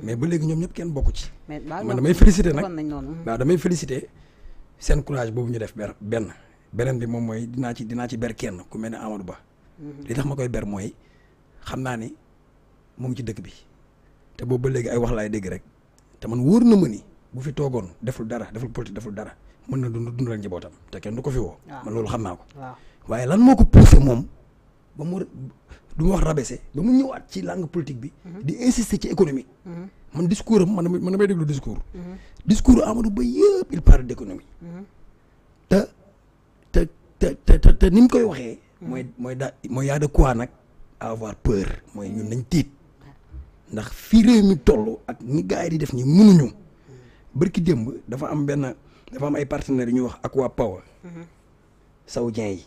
mais ba léegi ñoom ñëpp kenn bokku ci. man damay félicité nag waaw damay félicité seen courage boobu ñu def ber benn beneen bi moom mooy dinaa ci dinaa ci ber kenn ku mel ne Amadou Ba. Mhm. li tax ma koy ber mooy xam naa ni moom ci dëkk bi te boobu ba léegi ay wax laay dégg rek te man wóor na ma ni bu fi toogoon deful dara deful politique deful dara mën na dund dundal njabootam te kenn du ko fi woo. Ah. man loolu xam naa ko. waaye lan moo ko poussé moom. ba mu du ma wax rabaissé ba mu ñëwaat ci langue politique bi. Mhm. di insister ci économie. Mhm. man discours am man damay man damay déglu discours. Mhm. discours Amadou Ba yëpp il parle d'économie. te te te ni mu koy waxee. mooy mooy da mooy yaa de quoi nag avoir peur mooy ñun nañ tiit ndax fii réew mi toll ak ni gars di def nii mënuñu. bërki démb dafa am benn dafa am ay partenaires yu ñuy wax Aqua Power. saoudien yi.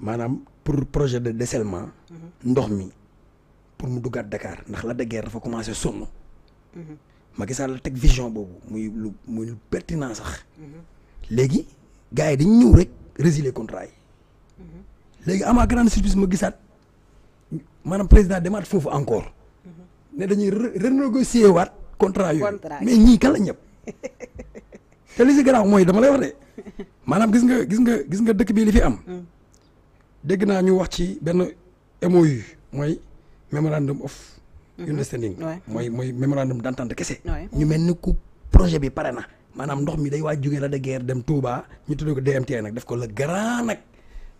manam pour projet de désellement. Mhm. ndox mi pour mu dougat Dakar ndax la de guerre dafa commencé sonn. Mhm. Macky Sall la teg vision bobu muy lu muy lu pertinent sax. Mhm. léegi gars yi dañ ñëw rek résilier contrat yi. léegi ama grande surprise ma gisaat manam président demaat fofu encore. ne dañuy renégocier waat contrat yooyu. mais ñi kan la ñëpp. te li si garaaw mooy dama lay wax de manam gis nga gis nga gis nga dëkk bi li fi am. Mm. dégg naa ñu wax ci benn MOU mooy memorandum of mhm. understanding mooy mooy memorandum d'entente kese ñu mel ni ku projet bi pare na maanaam ndox mi day waa jógee la de guerre dem Touba ñu tuddee ko DMT nag def ko la grand nag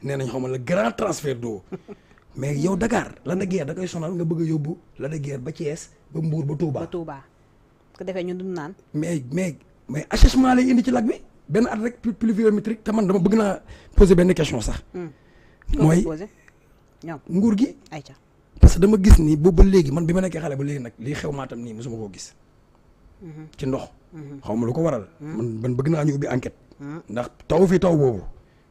nee nañ xaw ma le grand transfert d'eau mais yow Dakar la de guerre da koy sonal nga bëgg yóbbu la de guerre ba Thiès ba Mbour ba Touba. ba Touba ko defee ñun duñu naan. mais mais mais assèchement lay indi ci lac bi benn at rek pluviométrique te man dama bëgg naa poser benn question sax. Hmm. mooy nguur gi parce que dama gis ni boobu ba léegi man bi ma nekkee xale ba léegi nag lii xew Matam nii suma koo gis mm-hmm. ci ndox mm-hmm. xaw ma lu ko waral mm-hmm. man man bëgg naa ñu ubbi enquête ndax taw fii taw boobu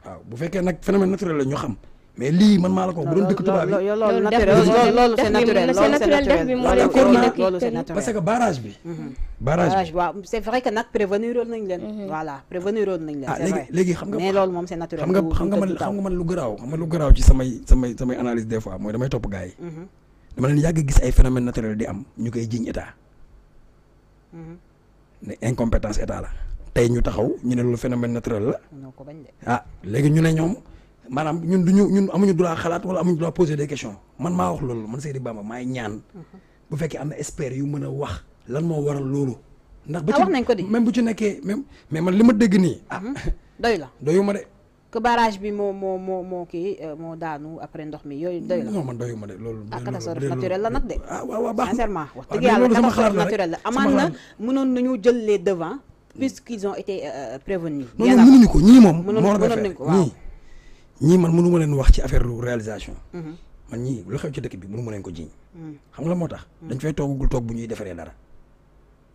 waaw bu fekkee nag phénomène naturel la ñu xam mais lii man maa la ko bu doon dëkk tubaab bi loolu c'est naturel loolu c'est naturel parce que barrage bi. barrage bi waaw c'est vrai que nag prévenir woon nañ leen. voilà prévenir woon nañ leen. léegi xam nga mais loolu moom c'est naturel. xam nga xam nga man xam nga man lu garaaw xam nga lu garaaw ci samay samay samay analyse des fois mooy damay topp gars yi. dama yàgg gis ay phénomène naturel di am ñu koy jiñ état. ne incompétence état la tey ñu taxaw ñu ne loolu phénomène naturel la. ah léegi ñu ne ñoom maanaam ñun du ñu ñun amuñu droit xalaat wala amuñu droit poser des questions man maa wax loolu man Seydi Bamba maay ñaan. bu fekkee am na experts yu mën a wax. lan moo waral loolu. ndax ba ah, ci nañ ko di même bu ci nekkee même mais man li ma dégg nii. ah hmm? doy la doyu ma de. bi moo moo moo moo kii euh, moo daanu après ndox mi yooyu doy la. non ma loolu. ah catastrophe naturelle la nag de. ah waaw waaw baax sincèrement wax dëgg yàlla catastrophe naturelle na mënoon nañu jël les devants. puisqu'ils ont été euh, euh, prévenus. bien ko ñii moom. moo la ko fee Je man mënu ma leen wax ci affaire réalisation. Mhm. man ne lu xew ci dëkk bi mënu ma leen ko jiiñ. Mhm. xam nga la je mhm. dañ fay Je bu ñuy dara.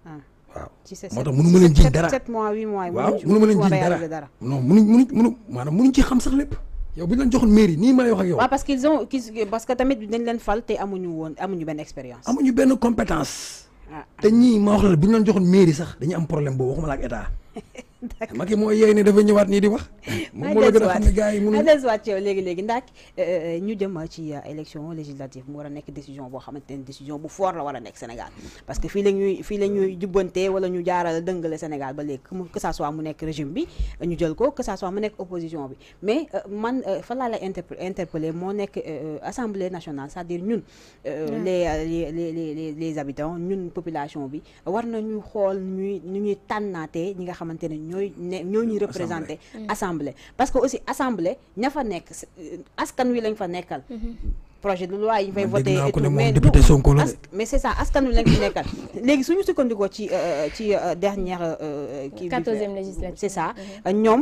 Ah. waaw motax mënu ma leen jiiñ dara 7 mois 8 mois. waaw ma leen dara non ci xam sax yow mairie ni ma wax ak yow. parce qu'ils ont parce que tamit dañ leen fal te amuñu won amuñu ben expérience. amuñu ben compétence. Ah, ah. te ni ma wax la bu ñu leen mairie sax dañu am problème bo waxuma la état. d'accord dafa ñëwaat ni di wax moom moo xam ne gars yi mënuñu dellusiwaat yow euh, léegi léegi ndax euh, euh, ñu jëm ci élection législative mu war nekk décision bo xamante décision bu fort la war nekk Sénégal parce que fi la ñuy fii la ñuy jubbante wala ñu jaaral dëngale Sénégal ba léegi que ça soit mu nekk régime bi ñu jël ko que ça soit mu nekk opposition bi mais man fa la la interpeller mo nekk assemblée nationale c'est-à-dire ñun les les les les habitants ñun population bi war nañu xool ñuy ñu ñuy tànnaatee ñi nga xamante ñoy ñooy ne ñoo assemblée parce que aussi assemblée ña fa nekk euh, askan wi lañ fa nekkal. projet de loi yi ñu fay voté député Sonko la mais c'est ça askan wi lañ fi nekkal légui suñu sukkandiko ci euh, ci euh, dernière. qui bi quatorzième législature c'est ça mhm. ñom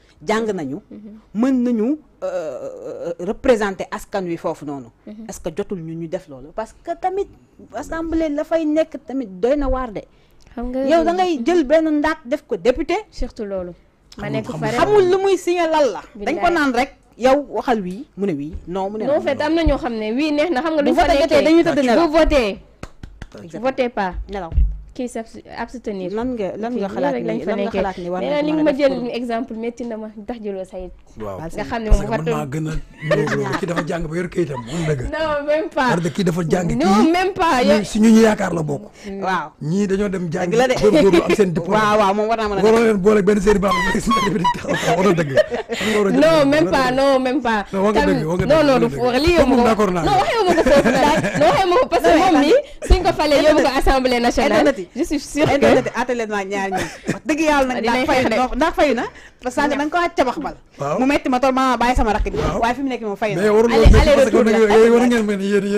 jàng nañu mën nañu euh, euh, représenter askan wi foofu noonu mhm. est que jotul ñu ñu def loolu parce que tamit assemblée la fay nekk tamit doy na waar de xam nga yow da ngay jël mhm. benn ndaat def ko député surtout loolu ma nekk fa xamul lu muy signé lan la dañ ko naan rek yow waxal wii mu ne wii non mu ne non am na ñoo xam ne wii neex na xam nga duñ fa nekkee dañuy tëdd nelaw bu voté voté pas nelaw kii s'abstenir lan nga lan nga lan nga xalaat ni war na li nga ma jël exemple métti na ma tax jëloo sayit waaw nga xam ne moom parce que man maa gën a ba yor kayitam moom dëgg non même pas parce que kii dafa jàng non même pas yow la bokk mm. waaw ñii dañoo la de a waroo a dëgg non même pas moom d'accord naa non waxee ma ko foofu non waxee ma ko parce que moom mi suñ ko falee yóbbu ko assemblée nationale je suis sûr que atelier naa ñaar ñi wax dëgg yàlla nag ndax fayu na ndax fayu na parce que dañ ko wàcc cabax bal mu metti ma tool maa baye sama rakki way fi mu nek mo fay na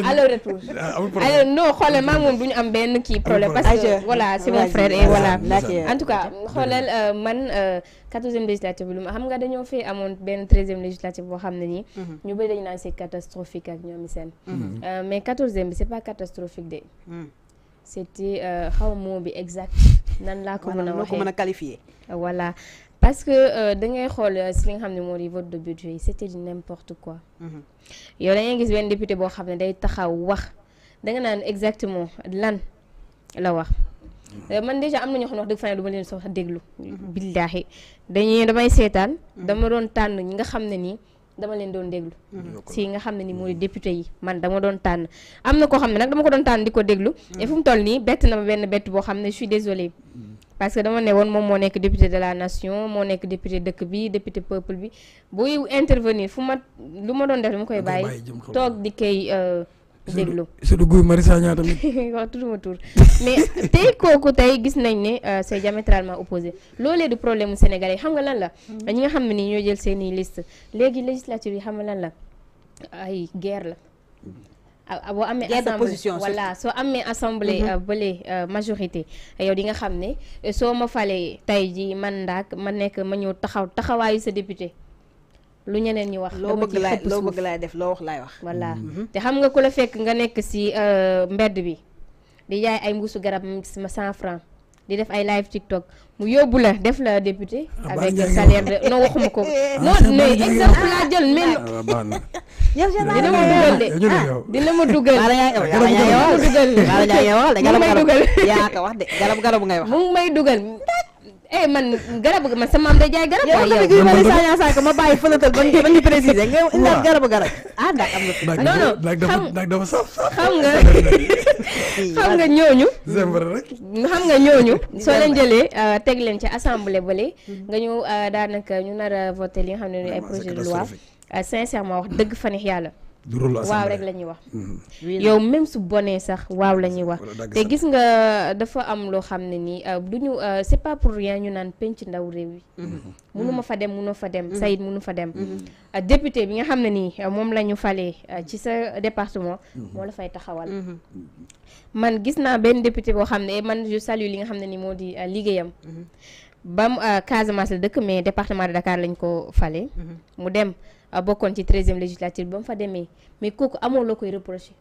aller retour alors non xoolal maa moom du ñu am benn ki problème parce que voilà c'est mon frère et voilà en tout cas xoolal euh, man 14e euh, législative bi xam nga dañoo fee amoon benn e législative bo xam ni mhm. ñu bari dañu naan c'est catastrophique ak ñoom seen mhm. euh, mais 14e c'est pas catastrophique de mhm c'était euh, xaw moo bi exact nan la ko meuna a waxee qualifier voilà parce que euh, da ngay xol euh, si li nga xam ne vote de budget c'était du n'importe quoi yo la ngay gis benn député bo xam day taxaw wax da nga naan exactement lan la wax man déjà am na ñoo xam wax dëgg fa duma du leen sox deglu mhm. billahi dañuy damay seetaan mhm. dama doon tànn ñi nga xam ni dama leen doon déglu mm-hmm. si nga xam ne ni mooy mm-hmm. député yi man dama doon tànn am na koo xam ne nag dama ko doon tànn di ko déglu mm-hmm. et fu mu toll nii bett na ma benn bett boo xam ne je suis désolé parce que dama ne woon moom moo nekk député de la nation moo nekk député dëkk bi député peuple bi buy intervenir fu ma lu ma doon def dama koy bàyyi toog di koy euh, déglu le Guy Marius Sagna tamit. waaw tudduma tour mais tay kooku tay gis nañ né euh, c'est diamétralement opposé l'olé du problème sénégalais xam nga lan la. Mm-hmm. ñi nga xam ni nii ñoo jël seen liste léegi législature xam nga lan la ay guerre la. Ah, ah, boo amé assemblée voilà so Amé assemblée mm-hmm. euh, bële euh, majorité yow di nga xam né so ma falé tay ji man ndaak ma nek ma ñu taxaw taxawaayu sa député. lu ñeneen ñi wax loo bëgg laay loo bëgg laay def loo wax laay wax voilà mhm. Mhm. te xam nga ku la fekk nga nekk si euh, mbedd bi di jaay ay mbuusu garab ma cent franc di def ay live tiktok mu yóbbu la def la député ah, avec salaire de non waxuma ko eh, eh. non ah, non exemple laa jël mais yow dina ma dugal de dina ma dugal dina ma dugal mu may dugal yaa ko wax de garab garab ngay wax mu may dugal eh man garabu man sama maam day jaay garab. waaw yow yow man de ma bàyyi fëlatal ba nga ba nga préciser nga indaat a garab. ah ndax am na. non non xam dafa saf xam nga xam nga ñooñu. ñu xam nga ñooñu. soo leen jëlee euh, teg leen ci assemblée bële. nga ñëw euh, daanaka ñu nar a li nga xam ne ay projet de loi euh, sincèrement wax dëgg fa neex yàlla. waaw rek la ñuy wax mhm. yow même su bonee sax waaw la ñuy wax te gis nga dafa am loo xam ne nii euh, du ñu euh, c'est pas pour rien ñu naan penc ndaw réew yi mënuma mhm. mhm. fa dem mënoo fa dem Saïd mënu fa dem euh, député bi nga xam ne nii moom lañu falee ci sa département moo la fay taxawal man gis naa benn député boo xam ne man je salue li nga xam ne nii moo di liggéeyam bam euh, Casamance la dëkk mais département de Dakar lañ ko fale mhm. mu dem euh, bokkoon ci treizième législature ba mu fa demee mais kooku amul loo koy reproché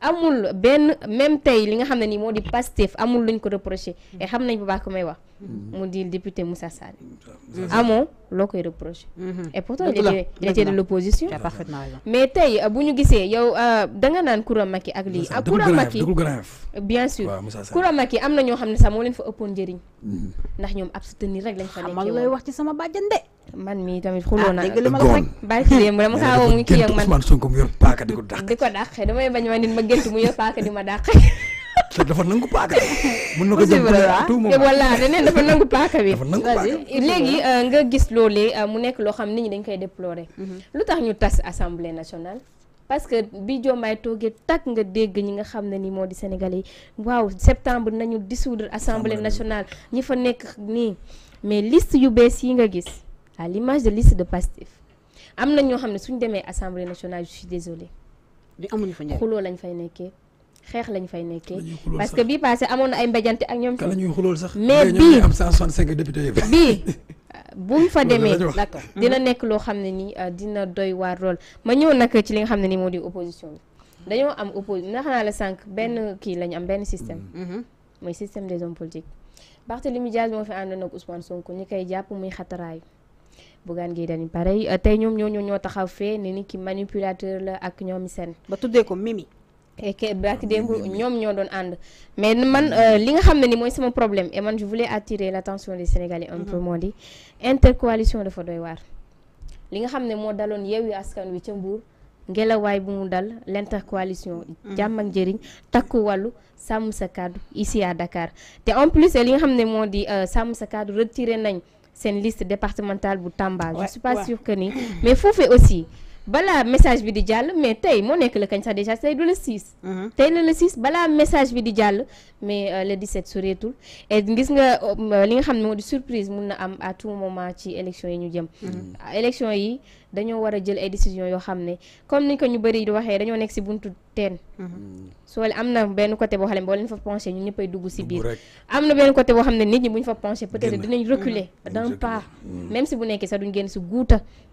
amul benn même tey li nga xam ne nii moo di Pastef amul luñ ko reproché. Mhm. et xam nañ bu baax ko may wax Mm-hmm. mu di député Moussa Sall. amoo loo koy reproché. Mm-hmm. et pourtant il était il était de l'opposition. mais tay euh, buñu gissé yow euh, da nga nan Koura Macky ak li ak Koura Macky bien sûr Koura Macky amna ño xamné sa mo sax leen fa ëppoon jeriñ mm-hmm. ndax ñoom abstenir rek lañ fa nekkee woon lay wax ci sama bàjjan de. man mi tamit xulona ah, naa. dégg ma la rek bàyyi ci dem dama kaa woo mu ki ak man Ousmane Sonko mu yor paaka di ko dàq. di ko bañ ma nit ma gént mu yo paaka di ma dàq. te dafa nangu paaka mën na ko jëm ah? voilà daneen dafa nangu paaka bi léegi euh, nga gis loolee euh, mu nekk loo xam nit ñi dañ koy déplorer mm-hmm. lu tax ñu tas assemblée nationale parce que bi Diomaye toogee tak nga dégg ñi nga xam ne ni moo di sénégalais waaw septembre nañu dissoudre assemblée nationale ñi fa nekk nii mais liste yu bees yi nga gis à l'image de liste de Pastef am na ñoo xam ne suñ demee assemblée nationale je suis désolée xuloo lañ fay nekkee xeex lañ fay nekkee parce que bii passé amoon na ay mbéjante ak ñoom. kan la sax mais bii am 165 député bu mu fa demee d'accord dina nekk loo xam ne nii euh, dina doy waar lool ma ñëw nag ci li nga xam ne nii moo di opposition bi dañoo am opposition ndax naa sànq benn kii lañu am benn système mm-hmm. Mm-hmm. mooy système des hommes politiques Barthélémy Dias moo fi àndoon ak Ousmane Sonko ñi koy jàpp muy xataraayu Bougane Gueye Dany pareil euh, tey ñoom ñoo ñoo taxaw fee ne ni ki manipulateur la ak ñoomi seen ba tuddee ko Mimi et que Black ah, Dembou ñoom ñoo doon mais man euh, li nga xam ne ni mooy sama problème et man je voulais attirer l'attention des Sénégalais un mhm. peu moo intercoalition dafa doy waar li nga xam ne moo daloon Yewwi Askan Wi ca Mbour ngelawaay bu mu dal l'intercoalition mhm. jàmm ak njëriñ takku wàllu sàmm sa ici à Dakar Et en plus li nga xam ne moo di euh, sàmm sa kaddu retiré nañ seen liste départementale bu Tamba je suis pas sûr que ni mais foofu aussi balaa message bi di jàll mais tey moo nekk la kañ sax déjà tey du le 6. Mhm. tey la le 6 balaa message bi di jàll mais euh, le 17 soreetul et gis nga euh, li nga xam ne moo di surprise mun na am à tout moment ci élection yi ñu jëm. Mhm. élection yi dañoo war a jël ay décisions yoo xam ne comme ni ko ñu bëri di waxee dañoo nekk si buntu teen. Mhm. soo am na benn côté boo xam ne boo leen fa dugg si biir. am na benn côté boo xam ne nit ñi bu ñu fa penché peut-être dinañ reculer d'un pas. même si bu nekkee sax duñ génn si guuta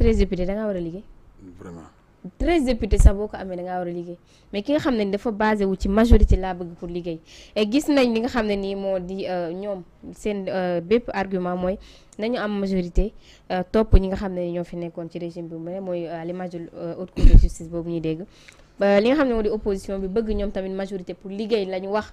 treize député da war a liggéey. vraiment. treize député sax boo ko amee da war a liggéey mais ki nga xam ne ni dafa basé wu ci majorité laa bëgg pour liggéey et gis nañ li nga xam ne nii moo di euh, ñoom seen euh, bépp argument mooy nañu am majorité euh, topp ñi nga xam ne ñoo fi nekkoon ci régime bi mu ne mooy à l'image de haute justice boobu ñuy dégg li nga xam ne moo di opposition bi bëgg ñoom tamit majorité pour liggéey la ñu wax.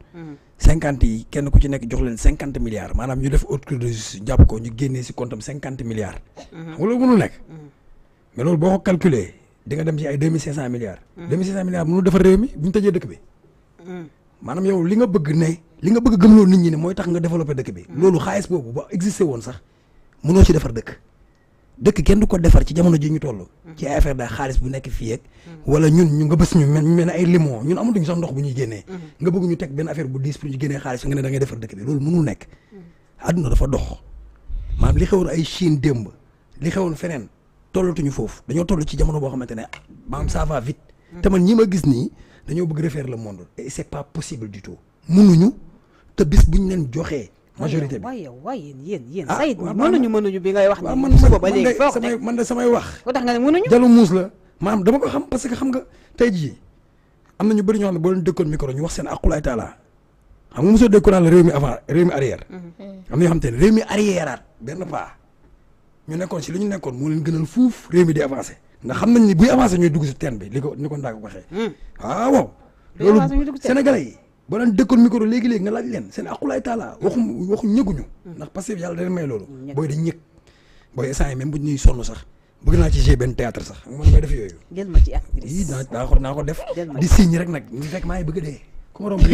cinquante yi kenn ku ci nekk jox leen cinquante milliards maanaam ñu def haute cour jàpp ko ñu génnee si compte am cinquante milliards. Mhm. xam nga loolu mënul nekk. Mhm. mais loolu boo ko calculé di nga dem ci ay deux mille cinq cent milliards. Mhm. deux mille milliards mënul defar réew mi bu ñu tëjee dëkk bi. maanaam yow li nga bëgg ne. li nga bëgg gëm gëmloo nit ñi ne mooy tax nga développé dëkk bi. loolu xaalis boobu ba existé woon sax mënoo ci defar dëkk. dëkk kenn du ko defar ci jamono ji ñu toll. ci ay mm-hmm. affaire daal xaalis bu nekk fii ak. Mm-hmm. wala ñun ñu nga bës ñu mel mel ne ay limon ñun amatuñu sax ndox bu ñuy génnee. Mm-hmm. nga bëgg ñu teg benn affaire bu diis pour ñu génnee xaalis nga ne da defar dëkk bi loolu mënul nekk. àdduna dafa dox maanaam li xewoon ay Chine démb li xewoon feneen tollatuñu foofu dañoo toll ci jamono boo xamante ne maanaam ça va vite. te man ñi ma gis nii dañoo bëgg refaire le monde et c'est pas possible du tout. mënuñu te bis buñ leen joxee. majorité bi waaye waaye yéen yéen ah, Saïd mënuñu mënuñu bi ngay wax ni man de samay wax lu muus la maanaam dama ko xam parce que xam nga tey jii am na ñu bëri ñoo xam ne boo leen dëkkoon micro ñu wax seen aqulaay taala xam nga mosoo dëkkoon la réew mi avant réew mi arrière mhm. am na yoo xam te réew mi arrièreaat benn pas ñu nekkoon si li ñu nekkoon moo leen gënal fuuf réew mi di avancé ndax xam nañ ni buy avancé ñooy dugg si teen bi li ko ni ko ko waxee mhm. ah, waaw ba doon dëkkoon micro léegi-léegi nga laaj leen seen aqulaay taala waxum waxum ñëguñu hmm. ndax Pastef yàlla dana may loolu booy dañ ñëg booy instant yi bu ñuy sonn sax bëgg naa ci g benn théâtre sax man may def yooyu jël ma naa ko naa ko def di signe rek nag ñu fekk dee ku ma